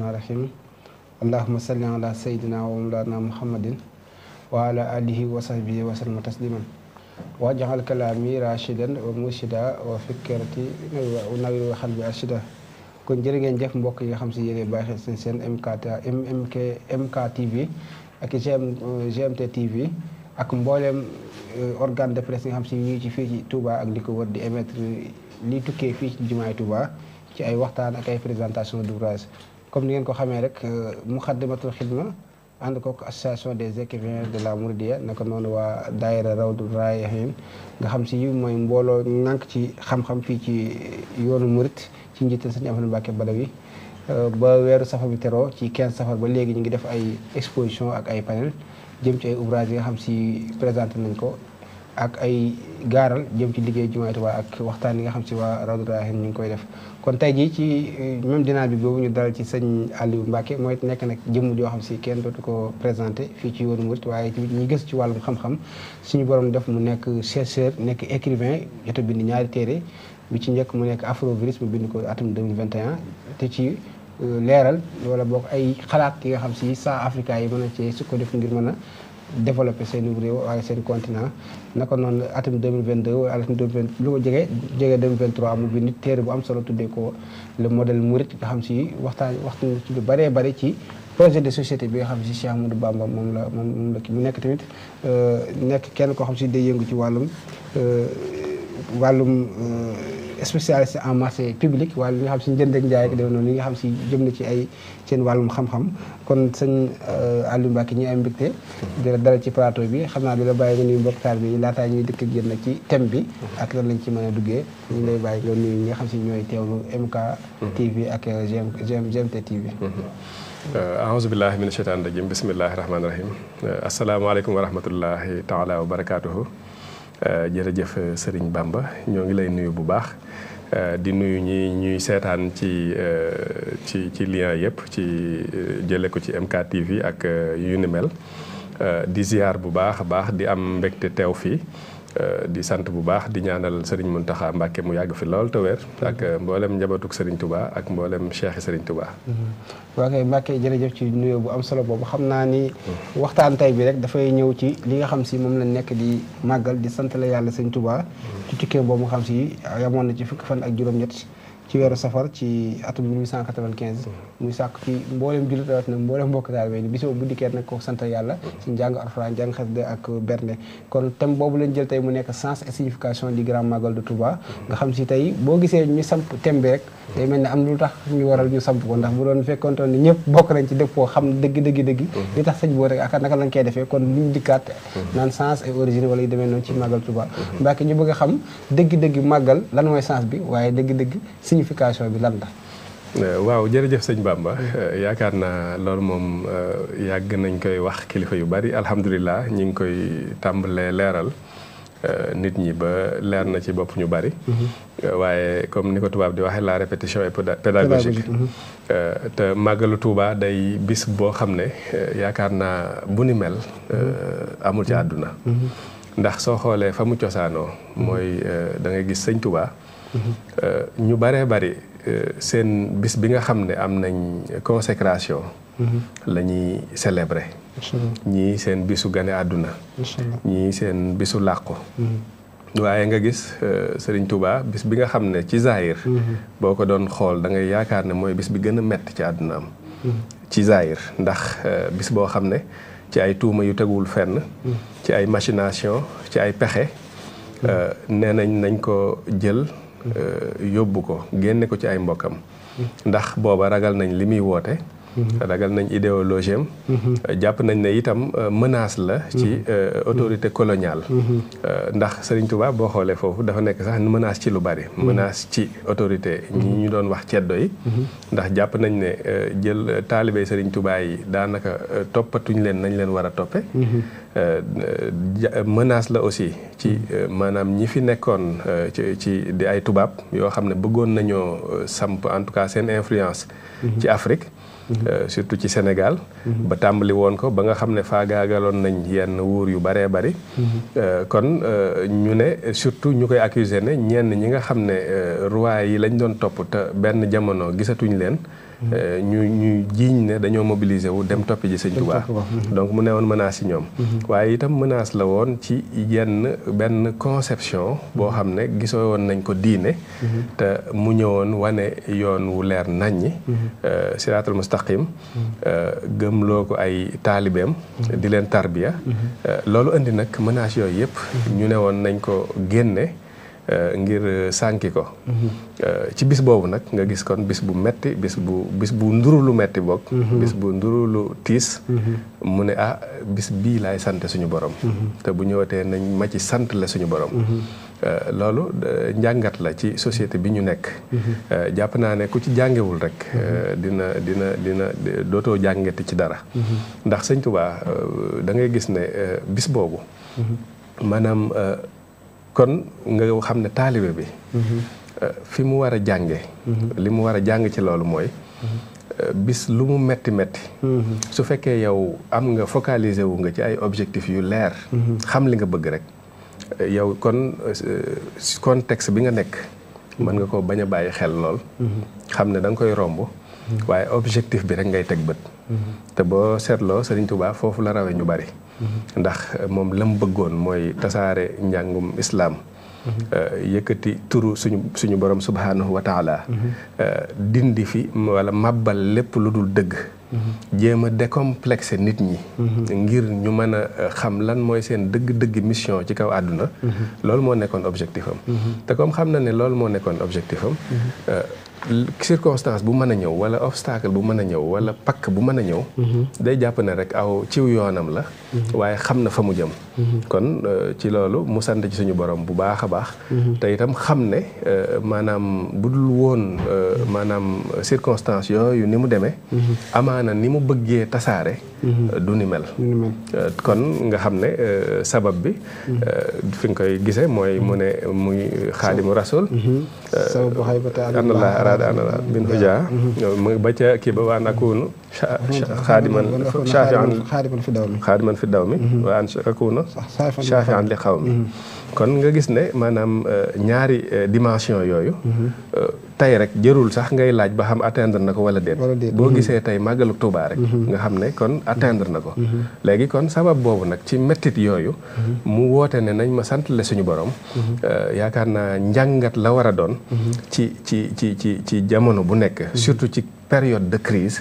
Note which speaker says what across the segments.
Speaker 1: rahim allahuma salli ala sayidina wa mawlana muhammadin wa ala alihi wa sahbihi wa sallama tasliman wa jaxal kalaami rashidan wa murshida wa fikkirati nawir wa xalbi arshida kon jërë ngeen jëf mbokk yi nga xam si yéene bàyyi xel seen seen MKT MMK MK TV ak GM GMT TV ak mbooleem euh, organe de xam si ñu ci fii ci Touba ak li ko wër di émettre li tukkee fii ci jumaay Touba ci ay waxtaan ak ay présentation d'ouvrage comme ni ngeen ko xamee rek euh, Muxaddamatul Xidma ànd kook association des écrivains de la Mouridiya naka noonu waa daayira Rawdu Rayaahin nga xam si mooy mbooloo nànk ci xam-xam fii ci yoonu Murit ci njiital Sëriñ Ahmadou Mbacké Badawi euh, ba weeru safar bi teroo ci 15 safar ba léegi ñu ngi def ay exposition ak ay panel jëm ci ay ouvrage yi nga xam si présenté nañ ko ak ay gaaral jëm ci liggéey jumaay waa ak waxtaan yi nga xam ci waa Rawdu Rayahin ñu ngi koy def kon tey jii ci euh, même bi boobu ñu dal ci sëñ Aliou Mbacke mooy nekk nag jëmm joo xam si kenn dootu ko présenté fii ci yoonu murit waaye tamit ñi ci wàllum xam suñu borom def mu nekk chercheur nekk écrivain jot a bind ñaari téere bi ci njëkk mu nekk Afrovirus mu bind ko atum 2021 te ci euh, leeral wala boog ay xalaat yi nga xam si saa Africa yi mën a cee su ko def ngir mën a développé seen réew waaye seen continent naka noonu atum 2022 wala atum 2020 lu ko jege jege 2023 amul bi nit téere bu am solo tuddee ko le modèle mouride nga xam si waxtaan waxtaan ci lu bëree bëri ci projet de société bi nga xam si Cheikh Amadou Bamba moom la moom moom la ki mu nekk tamit euh, nekk kenn koo xam si day yëngu ci wàllum euh, wàllum. Euh, spécialiste en marché public wala li nga xam si njënd ak njaay ak def noonu nga xam si jëm na ci ay seen wàllum xam-xam kon sëñ euh, Aliou Mbacke ñu am mbégte ci plateau bi xam naa di la bàyyi nga nuyu mbokk taal bi laataa ñuy dëkk ak yéen nag ci thème bi ak lan lañ ci mën duggee ñu lay bàyyi nga nuyu ñi nga xam si ñooy teewlu MK TV ak GM GMT TV
Speaker 2: euh, ahousubillahi mina sheytaan rajim bisimillahi rahmaani rahim euh, asalaamaaleykum wa rahmatullahi taala wa barakatuhu Euh, jërëjëf euh, Serigne Bamba ñoo ngi lay nuyu bu baax euh, di nuyu ñi ñuy seetaan ci ci ci lien yëpp ci jële ko ci MKTV ak yu ni mel di ziar bu baax a baax di am mbégte teew fii. Euh, di sant bu baax di ñaanal Serigne Mountakha Mbacké mu yàgg fi lool te wér ak mhm. euh, mboolem njabatuk Serigne Touba ak mboolem cheikh Serigne Touba.
Speaker 1: waaw mhm. kay Mbacké jërëjëf ci nuyoo bu am solo boobu xam naa ni mhm. waxtaan tey bi rek dafay ñëw ci li nga xam si moom la nekk di màggal di sant la yàlla Serigne Touba. ci tukkee boobu xam si yamoon na ci fukki fan ak juróom-ñett. ci weeru safar ci atum 1895 mm-hmm. muy sàkk ci mboolem jullit rawat na mboolem mbokk taalibe ni bis boobu bu dikkee nag ko sant mm-hmm. mu nekk sens et signification du grand magal de Touba mm-hmm. nga xam si tey boo gisee ñu samp thème bi rek day mel ne am lu tax ñu waral ñu samp ko ndax bu doon fekkontoon ni ñëpp bokk nañ ci dëppoo xam dëgg dëgg dëgg tax sëñ boo rek naka lañ koy defee kon luñ dikkaat naan sens et origine wala yu demee noonu ci magal Touba Mbàkke ñu a xam bi signification bi lan
Speaker 2: eh, waaw jërëjëf sëñ Bamba eh, yaakaar naa loolu moom eh, yàgg nañ koy wax kilifa yu bari alhamdulillah ñi ngi koy tàmbalee leeral nit ñi ba leer na ci bopp ñu bari. Mm-hmm. waaye comme ni ko tubaab di waxee la répétition est pédagogique mm-hmm. te màggalu Tuuba day bis boo xam ne yaakaar naa bu ni mel mm-hmm. amul ci àdduna ndax soo xoolee fa mu cosaanoo mooy dangay gis sëñ Tuuba Euh, ñu bëree bëri euh, seen bis bi nga xam ne am nañ consécration mm-hmm. la ñuy célébrer ñii seen bisu gane àdduna ñii seen bisu làqu
Speaker 3: mm-hmm.
Speaker 2: waaye nga gis euh, Serigne Touba bis bi nga xam ne ci Zahir. Mm-hmm. boo ko doon xool da ngay yaakaar ne mooy bis bi gën a métti ci àdduna am ci Zahir ndax bis boo xam ne ci ay tuuma yu teguwul fenn ci ay machination ci ay pexe nee nañ nañ ko jël yóbbu ko génne ko ci ay mbokkam ndax booba ragal nañ li muy woote Mm-hmm. ragal nañ idéologie am mm-hmm. jàpp nañ ne itam euh, menace la ci mm-hmm. euh, autorité coloniale euh, ndax Serigne Touba boo xoolee foofu dafa nekk sax menace ci lu bari menace ci autorité ñi ñu doon wax ceddo yi ndax jàpp nañ ne jël taalibe Serigne Touba yi daanaka toppatuñ leen nañ leen war a toppe menace la aussi ci maanaam ñi fi nekkoon ci ci di ay tubaab yoo xam ne bëggoon nañoo samp en tout cas seen influence ci Afrique Euh, surtout ci Sénégal. Mhm. ba tàmbali woon ko ba nga xam ne faagaagaloon nañ yenn wuur yu baree bari. Mhm. Euh, kon euh, ñu ne surtout ñu koy accuser ne ñenn ñi nga xam ne roi yi lañ doon topp te benn jamono gisatuñ leen. Euh, ñu ñu jiiñ ne dañoo mobiliser wu dem toppi ji sëñ donc mu ne woon menace ci ñoom mhm. waaye itam menace la woon ci yenn benn conception boo mhm. xam ne gisoo woon nañ ko diine mhm. te mu ñëwoon wane yoon wu leer naññi euh, siraatul mustaqim euh, gëmloo ko ay taalibeem di leen tarbiya loolu indi nag menace yooyu yëpp ñu ne woon nañ ko génne Euh, ngir euh, sànki ko mm-hmm. euh, ci bis boobu nag nga gis kon bis bu metti bis bu bis bu nduru lu metti bokk mm-hmm. bis bu nduru lu tiis mm-hmm. mu ne ah bis bii laay sant suñu borom te bu ñëwatee nañ ma sant la suñu borom loolu njàngat la ci société bi ñu nekk jàpp naa ne ku ci jàngewul rek dina dina dina dootoo jàngati ci dara ndax sëñ Tuubaa da ngay gis ne bis boobu maanaam kon nga xam ne taalibe bi mhm. euh, fi mu war a jànge mhm. li mu war a jàng ci loolu mooy mhm. euh, bis lu mu metti metti su fekkee yow am nga focaliser wu nga ci ay objectifs yu leer xam li nga bëgg rek euh, yow kon contexte bi nga nekk mën nga ko bañ a bàyyi xel lool xam ne da koy romb waaye objectif bi rek ngay teg bët te boo seetloo sa Sëriñ Tuubaa foofu la rawe ñu bari ndax moom lam bëggoon mooy tasaare njàngum islaam euh, yëkkati turu suñu suñu borom subhaanahu euh, dindi fi wala màbbal lépp lu dul dëgg jéem a décomplexé nit ñi ngir ñu mën a euh, xam lan mooy seen dëgg-dëgg mission ci kaw àdduna loolu moo nekkoon objectif am mhm. te comme xam na ne loolu moo nekkoon objectif am mhm. circonstance bu mën a ñëw wala obstacle bu mën a ñëw wala pakk bu mën a ñëw mhm. day jàpp ne rek aw ciw yoonam la mhm. waaye xam na fa mu jëm mhm. kon euh, ci loolu mu sant ci suñu borom bu baax a baax te itam xam ne euh, maanaam bu dul woon euh, maanaam circonstance yooyu ni mu demee amaana ni mu bëggee tasaare Mm-hmm. du ni mel. Euh, kon nga xam ne euh, sabab bi. Mm-hmm. Euh, fi nga koy gisee mooy mu ne mm-hmm. muy xaadimu rasul.
Speaker 1: sababu xaybata anallah araada
Speaker 2: anallah bin hujaa. muy ba ca kii ba waa nakuunu. xaadiman shaafian xaadiman fi daw mi. xaadiman fi daw mi. waa an akuna. shaafian li xaw mi. kon nga gis ne maanaam euh, ñaari euh, dimension yooyu. Mhm. Euh, tey rek jërul sax ngay laaj ba xam atteindre na ko wala déet. boo mhm. gisee tey màggalu Tuubaa rek. Mhm. nga xam ne kon atteindre na ko. léegi kon sabab boobu nag ci mettit yooyu. mu woote ne nañ ma sant la suñu borom. yaakaar naa njàngat la war a doon. ci ci ci ci ci jamono bu nekk surtout ci. période de crise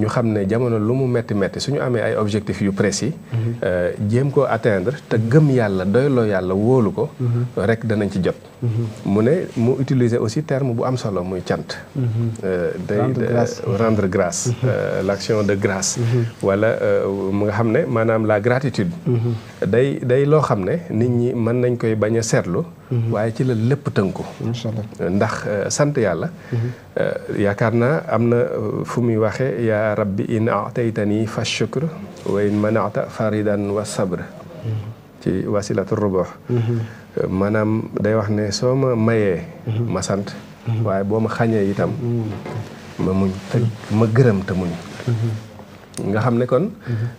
Speaker 2: ñu xam ne jamono lu mu metti metti ñu amee ay objectifs yu précis mhm. euh, jéem ko atteindre te gëm yàlla doyloo yàlla wóolu ko mhm. rek danañ ci jot mu ne mu utiliser aussi terme bu am solo muy cant. Mm-hmm. Euh, day euh, rendre grâce mm-hmm. euh, laction action de grâce. Mm-hmm. wala mu nga xam ne maanaam la gratitude. day day loo xam ne nit ñi mën nañ koy bañ a seetlu. waaye ci la lépp tënku. ndax sant yàlla. yaakaar naa am na fu muy waxee yaa rabbi in ataytani fa shukr wa in manata faridan wa sabr ci wasilatu rubox mhm. maanaam day wax ne soo ma mayee mhm. ma sant mhm. waaye boo ma xañee itam ma muñ te ma gërëm te muñ nga xam ne kon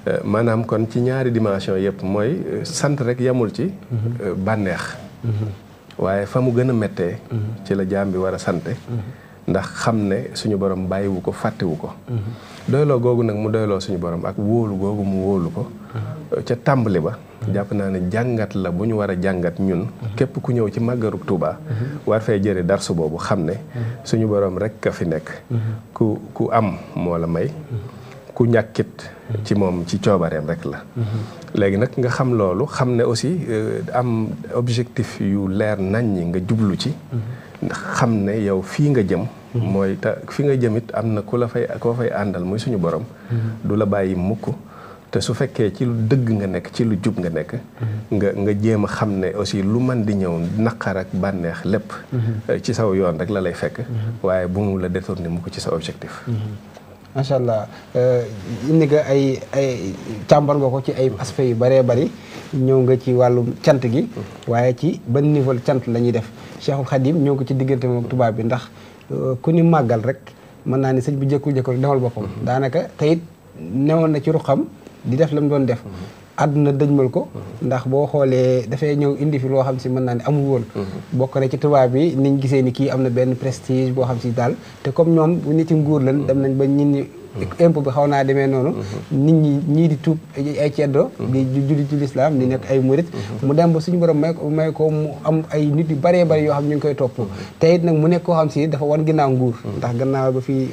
Speaker 2: eh, maanaam kon ci ñaari dimension yëpp mooy eh, sant rek yamul ci eh, bànneex waaye fa mu gën a méttee ci la jaam bi war a sante ndax xam ne suñu borom bàyyiwu ko fàttewu ko doyloo googu nag mu doyloo suñu borom ak wóolu googu mu wóolu ko ca tàmbali ba jàpp naa ne jàngat la bu ñu war jàngat ñun képp ku ñëw ci màggaruk Tuuba war fee jëre darsu boobu xam ne suñu boroom rekk a fi nekk ku ku am moo la may ku ñàkkit ci moom ci coobareem rek la léegi nag nga xam loolu xam ne aussi euh, am objectif yu leer naññi nga jublu ci xam ne yow fii nga jëm mooy te fi nga jëmit am na ku la fay koo fay àndal muy suñu borom du la bàyyi mukk te su fekkee ci lu dëgg nga nekk ci lu jub nga nekk mm-hmm. nga nga jéem a xam ne aussi lu man di ñëw naqar ak bànneex lépp mm-hmm. eh, ci saw yoon rek la lay fekk mm-hmm. waaye bu mu la détourné mu ko ci sa objectif
Speaker 1: macha allah eh, indi nga ay ay càmbar nga ko ci ay aspects yu bëree bari ñëw nga ci wàllu cant gi waaye ci ban niveau cant la ñuy def Cheikhul Khadim ñëw ko ci diggante moom tubaab bi ndax eh, ku ni màggal rek mën naa ni sëñ bu jëkku-jëkku rek defal boppam daanaka te it newoon na ci ruxam di def lam doon def mhm. àdduna dëjmal ko mhm. ndax boo xoolee dafay ñëw indi fi loo xam si mën naa ne amul woon mhm. bokk na ci tubaab bi niñ gisee ni kii am na benn prestige boo xam si daal te comme ñoom nit ci nguur la dem nañ ba ñin impôt bi xaw naa demee noonu nit ñi ñii di tuub ay ceddo di julli ci lislaam di nekk ay murit mu dem ba suñu borom may ko may ko mu am ay nit yu bëree bëri yoo xam ñu ngi koy topp te it nag mu nekkoo koo xam si dafa wan ginnaaw nguur ndax gannaaw ba fii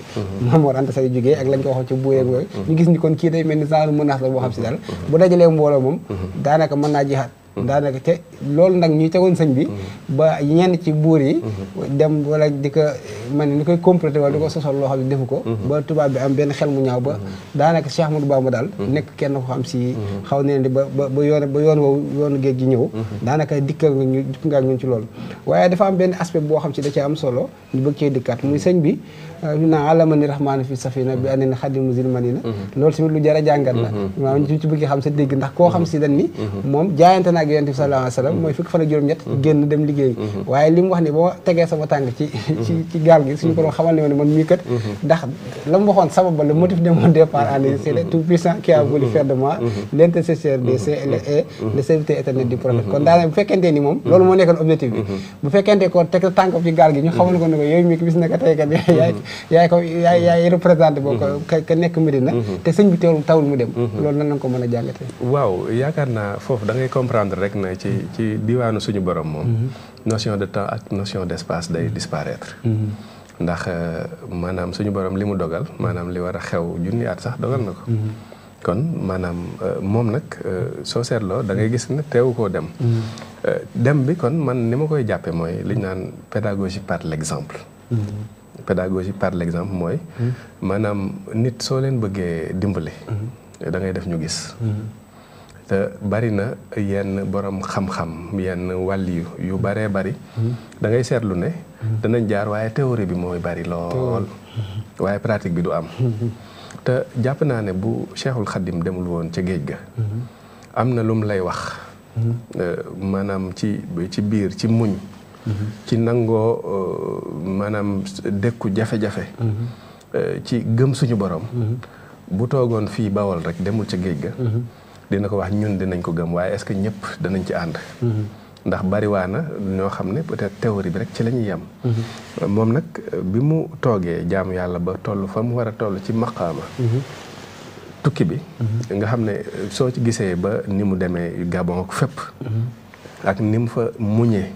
Speaker 1: Maam Mor Anta Sali jógee ak lañ ko ci buureeg yooyu ñu gis ni kon kii day mel ni saa genre menace la boo xam si daal bu dajalee mbooloo moom daanaka mën naa jeexaat Mmh. daanaka te loolu nag ñuy tegoon sëñ bi mmh. ba ñenn ci buur yi mmh. dem wala di man man ni koy complété wala di ko sosol loo xam ne defu ko ba tubaab bi am benn xel mu ñaaw ba daanaka Cheikh Ahmadou Bamba daal nekk kenn ko xam si xaw neen di ba ba yoon ba yoon woowu yoonu géej gi ñëw daanaka dikkal nga ñu dikk nga ci loolu waaye dafa am benn aspect boo xam si da cee am solo ñu bëgg cee dikkaat muy sëñ bi naa alamani rahmaani fi safina bi aneen xadim zil mhm. loolu a jàngat la mhm. koo xam mhm. si dañ na ak yonent bi sallallahu alayhi wa sallam mooy fukk wax ni boo tegee sama ci ci gi suñu ko doon xamal ne man mii kat ndax la a voulu faire de moi l'intercesseur des e, moo nekkoon objectif bi bu fekkentee ko teg tànk ci gaal gi ñu xamal ko ne ko yooyu mii bis na ko tey kat yaay yaay ko mm-hmm. yaay yaay représenté boo ko mm-hmm. ka nekk Medina mm-hmm. te sëñ bi teewul tawul mu dem loolu na lañ ko mën a jàngate
Speaker 2: waaw yaakaar naa foofu da comprendre rek na ci ci diwaanu suñu borom moom notion de temps ak notion d'espace day disparaître ndax euh, maanaam suñu borom li mu dogal maanaam li war a xew junni at sax dogal na ko kon maanaam euh, moom nag euh, soo seetloo da ngay gis na teewu koo dem dem bi kon man ni ma koy jàppe mooy li ñu naan pédagogie par l'exemple pédagogie par l'exemple mooy. Mm-hmm. maanaam nit soo leen bëggee dimbali. Mm-hmm. dangay def ñu gis. Mm-hmm. te bari na yenn borom xam-xam yenn wàll yu baree bari. da ngay seetlu ne. danañ jaar waaye théorie bi mooy bari lool. waaye pratique bi du am. te jàpp naa ne bu Cheikhul Khadim demul woon ca géej ga. am na lum lay wax. Euh, maanaam ci ci biir ci muñ. ci nangoo euh, maanaam dëkku jafe-jafe euh, ci gëm suñu borom bu toogoon fii bawol rek demul ca géej ga dina ko wax ñun dinañ ko gëm waaye est-ce que ñëpp danañ ci ànd ndax bariwaa na ñoo xam ne peut-être théorie bi rek ci lañuy ñuy moom nag bi mu toogee jaamu yàlla ba toll fa mu war a toll ci maqaama tukki bi nga xam ne soo ci gisee ba ni mu demee Gabon ak fépp ak ni fa muñee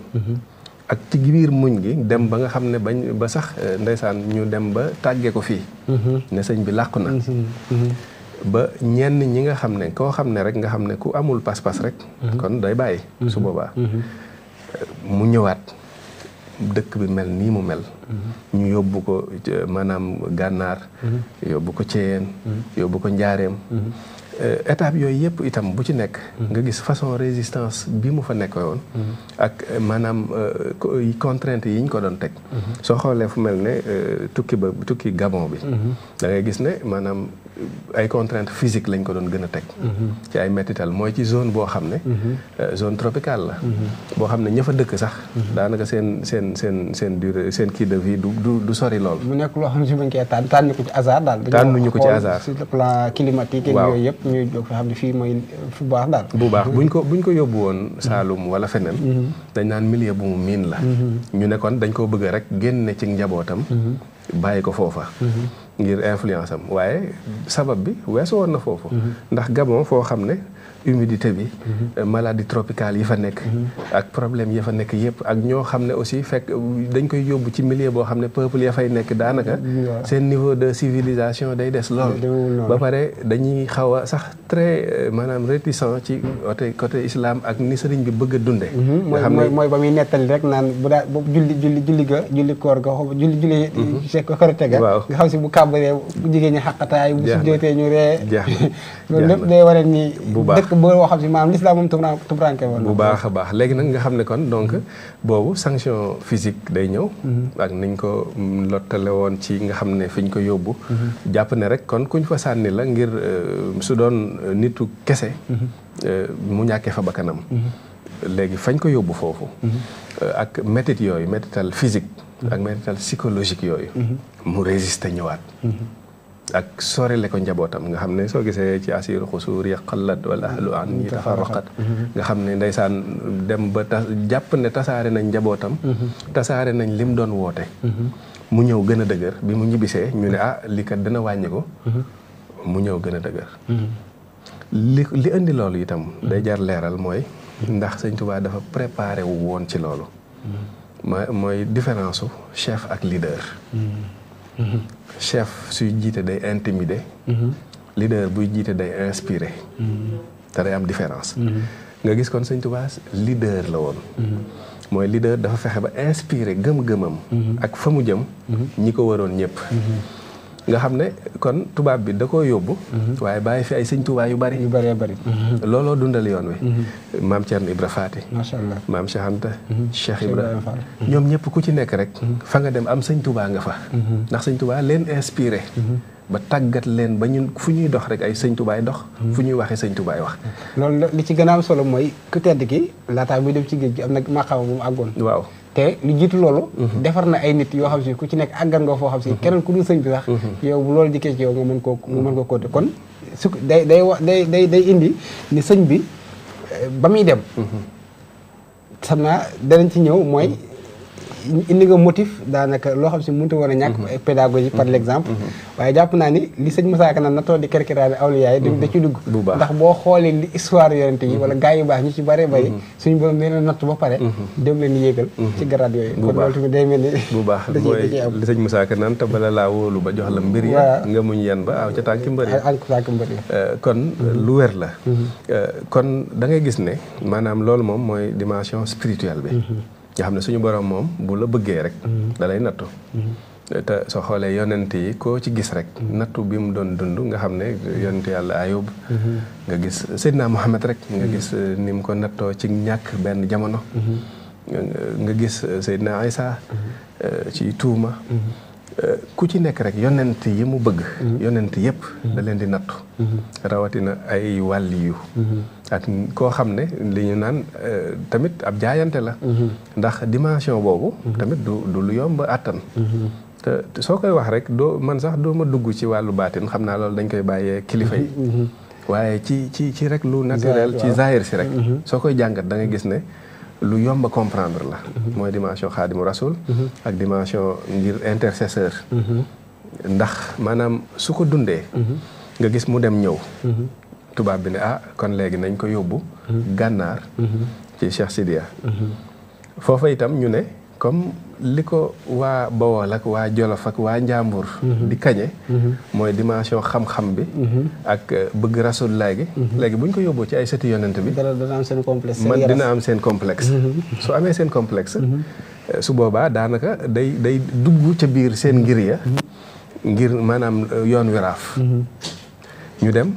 Speaker 2: ak ci biir muñ gi dem ba nga xam ne bañ ba sax euh, ndeysaan ñu dem ba tàggee ko fii mm-hmm. ne sëñ bi làqu na mm-hmm. Mm-hmm. ba ñenn ñi nga xam ne koo xam ne rek nga xam ne ku amul pas-pas rek kon day bàyyi su boobaa euh, mu ñëwaat dëkk bi mel nii mu mel ñu yóbbu ko euh, maanaam gànnaar yóbbu ko ceyeen yóbbu ko njaareem Euh, étape yooyu yëpp itam bu ci nekk. Hmm. nga gis façon résistance bi mu fa nekkoon. Hmm. ak euh, maanaam euh, contraintes yi ñu ko doon teg. Hmm. soo xoolee fu mel ne tukki ba tukki Gabon bi. da gis ne maanaam. ay contraintes physiques lañ ko doon gën a teg. Mhm. ci ay métital mooy ci zone boo xam ne. Mhm. Euh, zone tropicale la. Mhm. boo xam ne ña fa dëkk sax. daanaka seen seen seen seen durée seen kii de vie du du du sori lool.
Speaker 1: mu nekk loo xam ne si buñ koy tànn tànn ko ci hasard daal. ko baax daal. bu baax ko buñ ko yóbbu
Speaker 2: woon Saalum wala feneen. dañ naan milieu bu mu miin la. ñu ne kon dañ koo bëgg rek génne ci njabootam. bàyyi ko foofa. ngir influence am waaye sabab bi weesu woon na foofu. ndax Gabon foo xam ne. humidité bi. Mhm. Euh, maladie tropicale yi fa nekk. Mhm. ak problème yi fa nekk yëpp ak ñoo xam ne aussi fekk dañ koy yóbbu ci milieu boo xam ne peuple ya fay nekk daanaka. seen niveau de civilisation day des lool. ba pare dañuy xaw a sax très euh, maanaam réticent ci côté côté islam ak
Speaker 1: ni sëriñ bi bëgg a dundee. Mhm. nga xam ne mooy ba muy nettali rek naan bu daa bu julli julli julli ga julli koor ga xaw julli julli. c' ko korite ga nga xam si bu kàbbaree bu jigéen ñi bu si ñu ree. loolu dëkk boo xam si maanaam lislaam moom tumuraanke
Speaker 2: woon bu baax a baax léegi nag nga xam ne kon donc mm-hmm. boobu sanction physique day ñëw mm-hmm. ak niñ ko lottale woon ci nga xam ne fiñ ko yóbbu mm-hmm. jàpp ne rek kon kuñ fa sànni la ngir euh, su doon euh, nitu kese euh, mu ñàkkee fa bakkanam léegi fañ ko yóbbu foofu ak métit yooyu métital physique ak métital psychologique yooyu mu résister ñëwaat ak sorele ko njabootam nga xam ne soo gisee ci asiru xusuur ya xalat wala ahlu an mm-hmm. yi tafarraqat mm-hmm. nga xam ne ndeysaan dem ba tas jàpp ne tasaare nañ njabootam mm-hmm. tasaare nañ lim doon woote mu ñëw gën a dëgër bi mu ñibbisee ñu ne ah li kat dana wàññi ko mu ñëw gën a dëgër li indi loolu itam day jar leeral mooy ndax sëñ Tuubaa dafa préparé wu woon ci loolu mooy différence u chef ak leader chef suy jiite day intimider. Mhm. leader buy jiite day inspirer. Mhm. te day am différence. Mhm. nga gis kon sëñ Tuubaa leader la woon. mooy leader dafa fexe ba inspirer gëm-gëmam. ak fa mu jëm. ñi ko waroon ñëpp. nga xam ne kon tubaab bi da koo yóbbu. Mhm. waaye bàyyi fi ay sëñ tubaab yu bari. yu bari bari. Mhm. looloo dundal yoon wi. Mhm. maam Thierno Ibra Faati. macha allah maam Cheikh Anta. Cheikh ñoom ñëpp ku ci nekk rek. fa nga dem am sëñ tubaab nga fa. ndax sëñ tubaab leen inspiré. ba tàggat leen ba ñun
Speaker 1: fu ñuy dox rek ay sëñ tubaay dox. fu ñuy waxee sëñ tubaay wax. loolu li ci gën solo mooy ku tedd ki laataa muy dem ci géej gi am na maqaama bu mu àggoon. waaw te lu jiitu loolu mhm. defar na ay nit yoo xam si ku ci nekk àggan nga foo xam si mhm. keneen ku dul sëñ bi sax mhm. yow bu loolu dikkee ci yow nga mën koo nga mën koo côté kon su day day wax day day day indi ni sëñ bi eh, ba muy dem xam naa danañ ci ñëw mooy indi nga motif daanaka loo xam si mënut a war a ñàkk mhm. pédagogie par mhm. exemple mhm. waaye jàpp naa ni li sëñ Moussa Ka naan na tool di kerkiraale awliya yi dañ da ci dugg ndax boo xoolee li histoire yonente yi wala gaa yu baax ñu ci bare bari suñu borom leen ba pare dem leen yéegal ci grade yooyu kon loolu tamit day mel ni bu baax mooy
Speaker 2: li sëñ Moussa Ka naan te bala laa wóolu ba jox la mbir ya nga muñ yan ba aw ca tànki mbër ya tànki mbër ya euh, kon lu wér la euh, kon da gis ne maanaam loolu moom mooy dimension spirituelle bi nga xam ne suñu borom moom bu la bëggee rek. Mm-hmm. da lay nattu. Mm-hmm. soo xoolee yonent yi koo ci gis rek. Mm-hmm. nattu bi mu doon dund nga xam ne yonent yàlla ayub. nga gis Seydina Muhammad rek. nga gis eh, ni ko nattoo ci ñàkk benn jamono. nga gis eh, Seydina Isa eh, ci tuuma. ku ci nekk rek yonent yi mu bëgg. yonent yëpp da di nattu. rawatina ay wàlliyu ak koo xam ne li ñu naan euh, tamit ab jaayante la. Mm-hmm. ndax dimension boobu. Mm-hmm. tamit du du lu yomb àttan. Mm-hmm. te soo koy wax rek doo man sax doo ma dugg ci wàllu baatin xam naa loolu dañ koy bàyyee kilifa yi. waaye ci ci ci rek lu naturel ci zahir si rek. soo koy jàngat da nga gis ne lu yomb comprendre la. mooy dimention xaadimu rasul. ak dimension ngir intercesseur. ndax maanaam su ko dundee. nga gis mu dem ñëw. tubaab bi ne ah kon léegi nañ ko yóbbu gànnaar ci Cheikh Sidiya foofa itam ñu ne comme li ko waa Bawol ak waa Jolof ak waa Njàmbur di kañe mooy dimension xam-xam bi ak euh, bëgg rasulullah gi léegi bu ñu ko yóbboo ci ay sëti yonent bi man dina am seen complexe su amee seen complexe euh, su boobaa daanaka day day dugg ca biir seen ngir ya ngir maanaam euh, yoon wi ñu dem.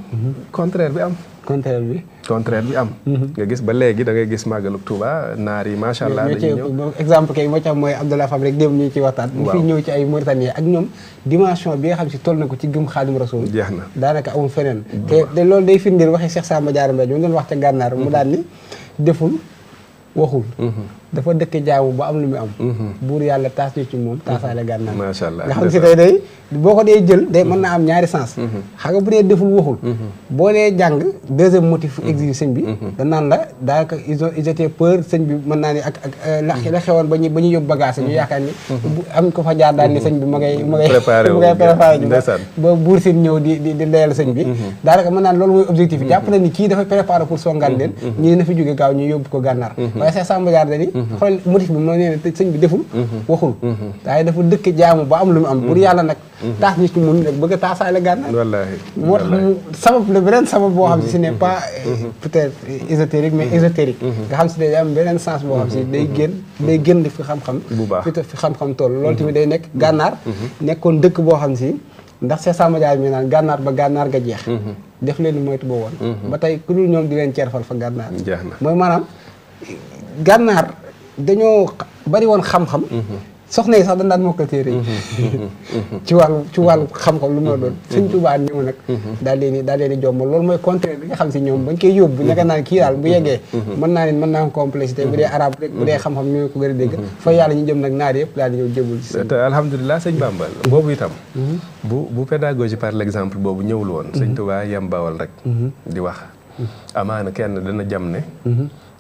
Speaker 2: contraire bi am. contraire bi. contraire bi am. Mhm. nga gis ba léegi da ngay gis màggalu Touba naar yi macha allah. dañuy ñëw
Speaker 1: exemple kay moo ci am mooy Abdallah dem ñu ci waxtaan. waaw fi ñëw ci ay Mauritanie ak ñoom dimension bi xam si toll na ko ci gëm xaadim rasul. jeex na daanaka amul feneen. te loolu day firndeel waxi Cheikh Samba Diarra Mbaye ñu doon wax ca gànnaar. mu mhm. daal ni deful waxul. Mhm. dafa dëkk jaamu ba am lu mu am. Mhm. buur yàlla taas ñu ci moom mhm. taasaale gànnaar. macha allah nga xam si tey day boo ko dee jël day mën naa am ñaari sens. Mhm. xam nga bu dee deful waxul. boo dee jàng deuxième motif exil sëñ bi. da naan la daanaka ils ont ils étaient peur sëñ bi mën naa ne ak ak euh, la xewoon ba ñuy ba ñuy yóbbu bagage ñu yaakaar ko fa jaar bi ma ngay ma ngay. préparé wu ba buur si ñëw di di di leyal sëñ bi. mën naa loolu mooy objectif bi. jàpp na ni kii dafa préparé pour songaan leen. ñii na fi jóge gaaw ñu yóbbu ko gànnaar waaye Cheikh Samba Diarra Mm-hmm. xool motif bi moo nee ne sëñ bi deful mm-hmm. waxul mm-hmm. waaye dafa dëkk jaamu ba am lu mu am pour yàlla nag taas ñu ci mun rek a taasaale gànnaar
Speaker 2: wallaahi moo tax
Speaker 1: mu sabab la beneen sabab boo xam si ce n'est pas peut-être ésotérique mais ésotérique nga xam am boo xam si day génn day génn fi xam ba gànnaar ga jeex def leen moytu ba woon ba tey ku dul ñoom di leen gànnaar dañoo bari woon xam-xam. Mhm. soxna yi sax dañ daan mokkal téere yi mhm. ci wàllu ci wàllu xam-xam lu ma doon mhm. sëñ Tuubaa ñëw nag daal leen di daal leen di jombal loolu mooy contraire bi xam si ñoom bañ koy yóbbu naka naan kii daal bu yeggee mën naa leen mën naa complexité bu dee arab rek bu dee xam-xam ñoo ko gën a dégg fa yàlla ñu jëm nag naar yëpp daal di ñëw jébul si te
Speaker 2: alhamdulilah sëñ Bamba boobu itam boobu ñëwul woon sëñ Tuubaa yem bawal rek di wax amaana kenn dana jam ne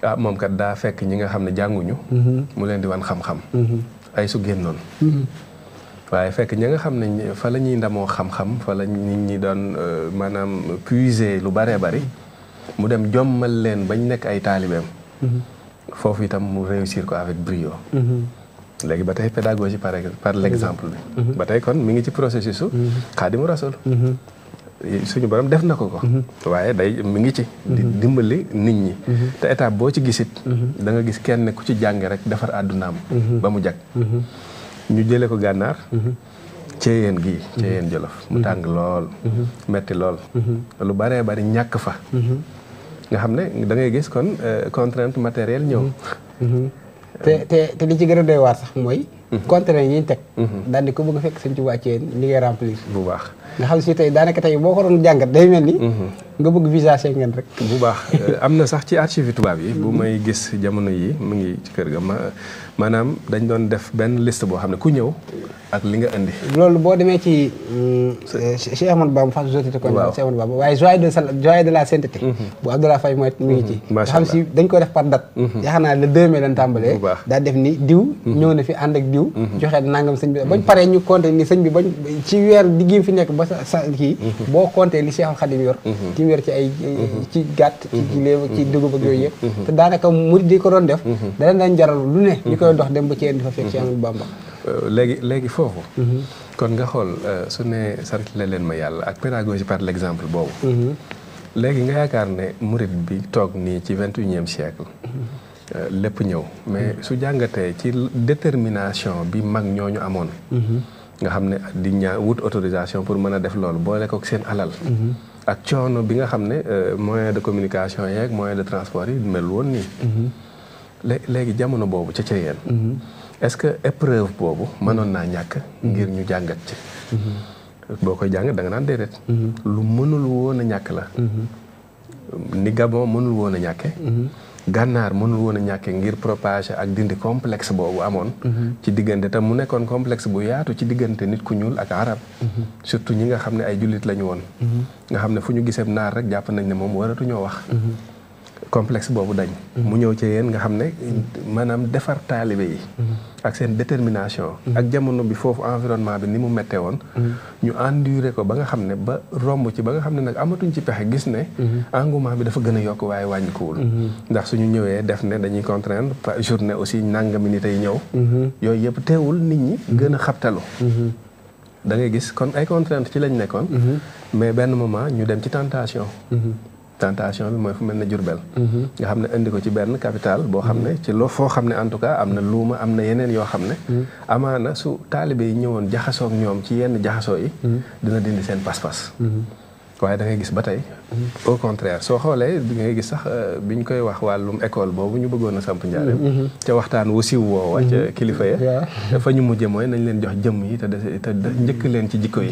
Speaker 2: ah moom kat daa fekk ñi nga xam ne jànguñu. Mhm. mu leen di wan xam-xam. Mhm. ay su génnoon. Mhm. waaye fekk ñi nga xam ne fa la ñuy ndamoo xam-xam fa la nit ñi doon euh, maanaam puiser lu baree bari mu dem jommal leen bañ nekk ay taalibeem. foofu itam mu réussir ko avec brio. léegi ba tey pédagogie par exemple bi. ba tey kon mi ngi ci processus su. Xaadimu Rasul suñu borom def na ko ko mhm. waaye day mu ngi ci mhm. di dimbali nit ñi mhm. te étape boo ci gisit danga nga gis kenn ku ci jàng rek defar àddunaam ba mu jag ñu jële ko gànnaar ceeyeen gii ceeyeen jolof mu tàng lool metti lool lu baree bari ñàkk fa nga xam ne da ngay gis kon euh, contrainte matérielle ñëw
Speaker 1: te te te ci gën a doy waar sax mooy contrainte yi ñu teg daal di ko bëgg a fekk sëñ ci wàcceen li ngay remplir bu baax nga xam si mhm.
Speaker 2: euh, na sax ci archive tubaab yi. yi mu ngi ga ma maanaam dañ doon def benn liste boo xam ne ku ñëw ak li nga indi.
Speaker 1: loolu boo demee ci. Euh, Cheikh Ahmadou Bamba Fatou Jotite ko. waaw Cheikh Ahmadou Bamba la sainteté. Mhm. bu Abdoulaye Faye mooy mi ngi ci. Mhm. nga xam si dañ ko def par date. yaakaar naa le tàmbalee. daa def ni diw. ñëw na fi ànd ak diw. joxe nangam sëñ bi bañ paree ñu compter ni sëñ bi bañ ci weer di gi fi nekk ba sa kii boo conté li Cheikh Khadim yor ci mu yor ci ay mhm. ci gàtt ci mhm. giléem ci mhm. dugub ak yooyu yëpp te daanaka murid di ko doon def dana nañ jaral lu ne ñu koy dox dem ba ci indi fa fekk Cheikh Ahmadou Bamba
Speaker 2: euh, léegi léegi foofu kon nga xool euh, su ne sarki leen ma yàlla ak pédagogie par l'exemple boobu léegi nga yaakaar ne murid bi toog nii ci vingt et unième siècle euh, lépp ñëw mais su jàngatee ci détermination bi mag ñooñu amoon nga xam ne di ñaa wut autorisation pour mën a def loolu boole kook seen alal. Mhm. ak coono bi nga xam ne euh, moyen de communication yeeg moyen de transport yi mel woon nii. Mhm. léegi jamono boobu ca ca yéen. Mhm. est-ce que épreuve boobu mënoon naa ñàkk. ngir ñu jàngat ci. boo koy jàngat da nga naan déedéet. lu mënul woon a ñàkk la. ni Gabon mënul woon a ñàkkee. gànnaar mënul woon a ñàkke ngir propager ak dindi complex boobu amoon mhm. ci diggante tam mu nekkoon complexe bu yaatu ci diggante nit ku ñuul ak arab mhm. surtout ñi nga xam ne ay jullit lañu woon mhm. nga xam ne fu ñu giseeb naar rek jàpp nañ ne moom waratuñoo wax complexe boobu dañ. mu ñëw ci yéen nga xam ne maanaam defar taalibe yi. ak seen détermination. ak jamono bi foofu environnement bi ni mu méttee woon. ñu enduré ko ba nga xam ne ba romb ci ba nga xam ne nag amatuñ ci pexe gis ne. engouement bi dafa gën a yokk waaye wàññikuwul. ndax su ñu ñëwee def ne dañuy contraindre journée aussi nangami nit ay ñëw. yooyu yëpp teewul nit ñi. gën a xabtalu. da ngay gis kon ay contraintes ci lañu nekkoon. mais benn moment ñu dem ci tentation. tentation bi mooy fu mel ne Jurbel mhm. nga xam ne indi ko ci benn capital boo xam ne mhm. ci loo foo xam ne en tout cas am na luuma am na yeneen yoo xam ne mhm. amaana su taalibe yi ñëwoon jaxasoo ñoom ci yenn jaxasoo yi dina dindi seen pas-pas waaye da ngay gis ba tey au contraire soo xoolee da ngay gis sax euh, biñ koy wax wàllum école boobu ñu bëggoon a samp njaareem ca waxtaan wu siw woo kilifa ya dafa ñu mujje mooy nañ leen jox jëmm yi te des te njëkk leen ci jikko yi